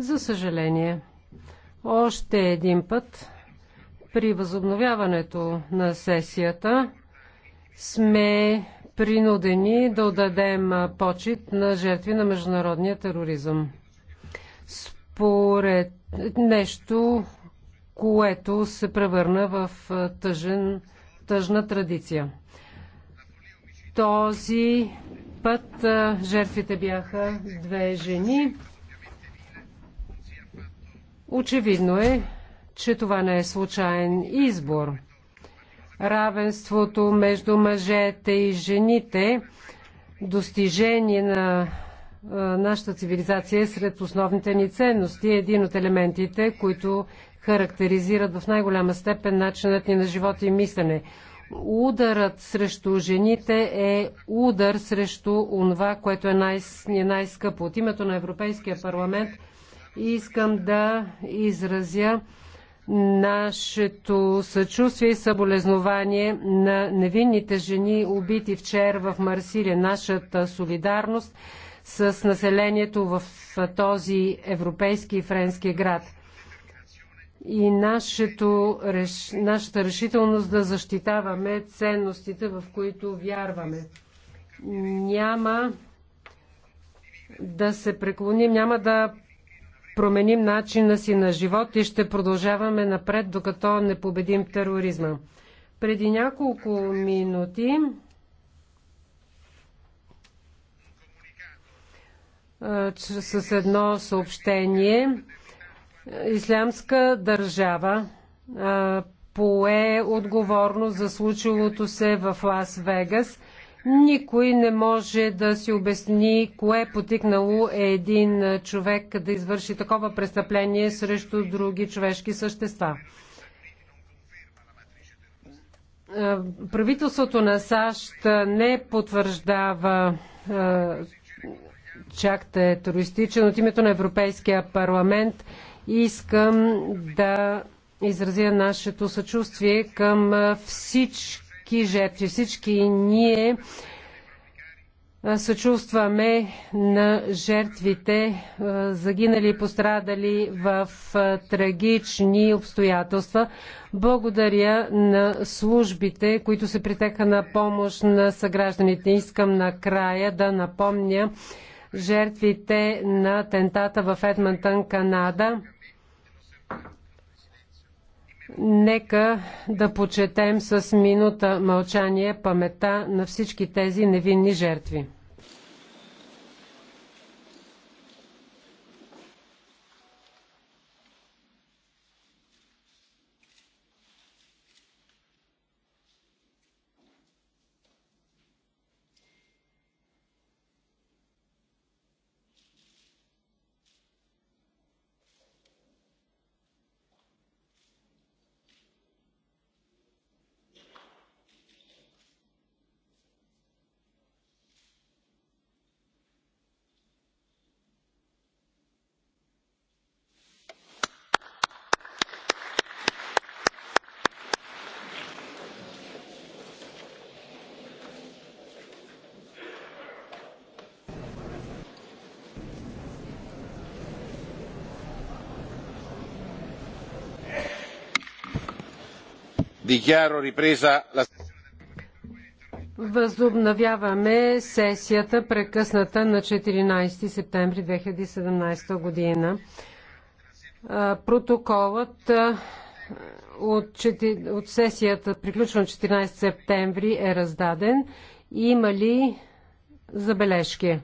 За съжаление, още един път при възобновяването на сесията сме принудени да отдадем почет на жертви на международния тероризъм. Според нещо, което се превърна в тъжен, тъжна традиция. Този път жертвите бяха две жени. Очевидно е, че това не е случайен избор. Равенството между мъжете и жените, достижение на нашата цивилизация е сред основните ни ценности, е един от елементите, които характеризират в най-голяма степен начинът ни на живот и мислене. Ударът срещу жените е удар срещу онова, което е най- е най-скъпо. От името на Европейския парламент – Искам да изразя нашето съчувствие и съболезнование на невинните жени, убити вчера в Марсилия. Нашата солидарност с населението в този европейски и френски град. И нашето, нашата решителност да защитаваме ценностите, в които вярваме. Няма да се преклоним, няма да променим начина си на живот и ще продължаваме напред, докато не победим тероризма. Преди няколко минути с едно съобщение Ислямска държава пое отговорност за случилото се в Лас Вегас – никой не може да си обясни кое е потикнало един човек да извърши такова престъпление срещу други човешки същества. Е, правителството на САЩ не потвърждава е, чакта е туристичен. От името на Европейския парламент искам да изразя нашето съчувствие към е, всички всички жертви, всички ние съчувстваме на жертвите, загинали и пострадали в трагични обстоятелства. Благодаря на службите, които се притеха на помощ на съгражданите. Искам накрая да напомня жертвите на тентата в Едмантън, Канада. Нека да почетем с минута мълчание памета на всички тези невинни жертви. Възобновяваме сесията, прекъсната на 14 септември 2017 година. Протоколът от, от сесията, приключена 14 септември, е раздаден. Има ли забележки?